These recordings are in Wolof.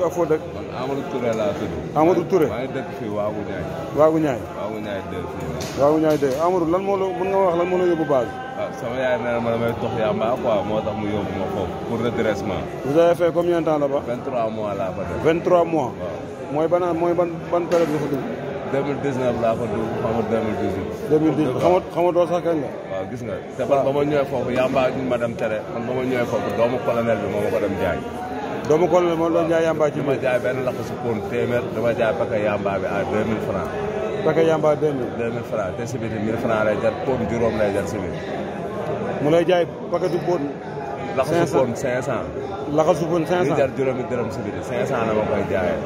waaw foo dëkk. man Amadou Touré laa tudd. Amadou Touré maa ngi dëkk fii Waagu Ñaay. Waagu Ñaay. Waagu Ñaay de fii. Waagu Ñaay de Amadou lan moo la mën nga wax lan moo la yóbbu base ah sama yaay nee na ma damay tox yàmba quoi moo tax mu yóbbu ma foofu pour redressement. vous avez fait combien de temps là-bas. 23 mois laa fa def. 23 mois. waaw mooy ban mooy ban ban période nga fa dugg. 2019 laa ko dugg xam nga 2018. 2018 xamoo xamatoo sax kañ la. waaw gis nga. waaw te man ba ma ñëwee foofu yàmba ñu ma dem tere man ba ma ñëwee foofu doomu colonel bi moo ma ko dem jaay. doomu kool la moom doon jaay yamba ci. dama jaay benn lax si poone téeméer jaay paka yamba bi à 2000 francs. paka yamba 2000. 2000 te si biir 1000 francs lay jar poone juróom lay jar si biir. mu lay jaay pakatu poone. 500 laxasu poone 500. laxasu poone 500 li jar juróomi dërëm si biir 500 la ma koy jaayee.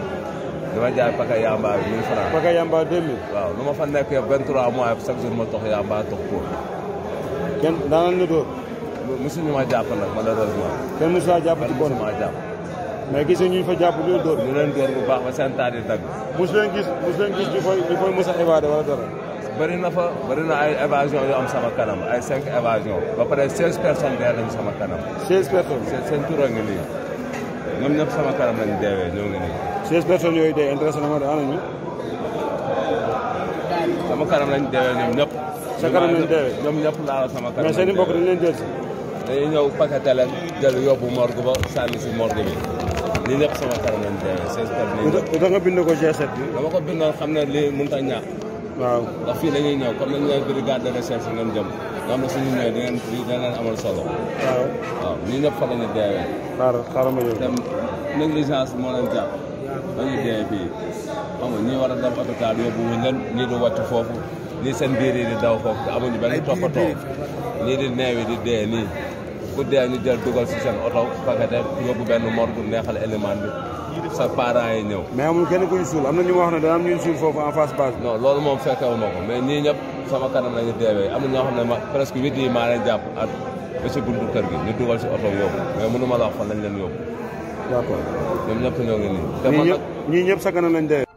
dama jaay paka yamba bi 1000 francs. paka yamba 2000. waaw lu ma fa nekk yow 23 mois chaque jour ma tox yamba tox poone. kenn daanaka la ma jàpp nag malheureusement. kenn mosu laa jàpp mais gis ñu fa jàpp loolu dóor. ñu leen dóor bu baax ba seen taat yi dagg. mos leen gis gis ñu fay ñu fay mos a évadé wala na fa bëri na ay évasion yu am sama kanam ay cinq évasion ba pare seize personnes dee nañu sama kanam. seize personnes seen seen tur a ngi nii ñoom ñëpp sama kanam lañ deewee ñoo ngi nii. seize personnes yooyu dee intéressé na ma de ana ñu. sama kanam lañ deewee ñoom ñëpp. sa kanam ñoom ñëpp laal sama kanam. mais seen i mbokk dañ leen jël si. dañuy ñëw paqueté leen jël yóbbu morgue ba sànni si morgue lii lépp sama xaram lañ demee seize da nga bind ko g dama ko bindoon xam ne lii mënut a ñàkk. waaw ndax fii la ñuy ñëw comme nañu leen brigade de recherche ngeen jëm nga xam ne suñu da leen solo. waaw waaw ñii ñëpp fa la ñu deewee. xaaral ma yëg dem négligence moo leen jàpp. dañuy dee fii xam a dem hôpital yóbbu di daw foofu te amuñu benn di neewi di dee nii. bu dee ñu jël dugal si seen oto pakete yóbbu benn morgue neexal élément bi sa ñëw. mais amul kenn ku ñu suul am na ñu ma wax ne dana am ñu suul foofu en face base. non loolu moom fekkewu ma ko mais ñëpp sama kanam la ñu am na ñoo xam ne ma presque huit at ba si buntu kër gi ñu dugal si oto yóbbu mais mënu ma wax fan lañ leen yóbbu. d' ñëpp ñoo ngi ñëpp sa kanam lañ deewee.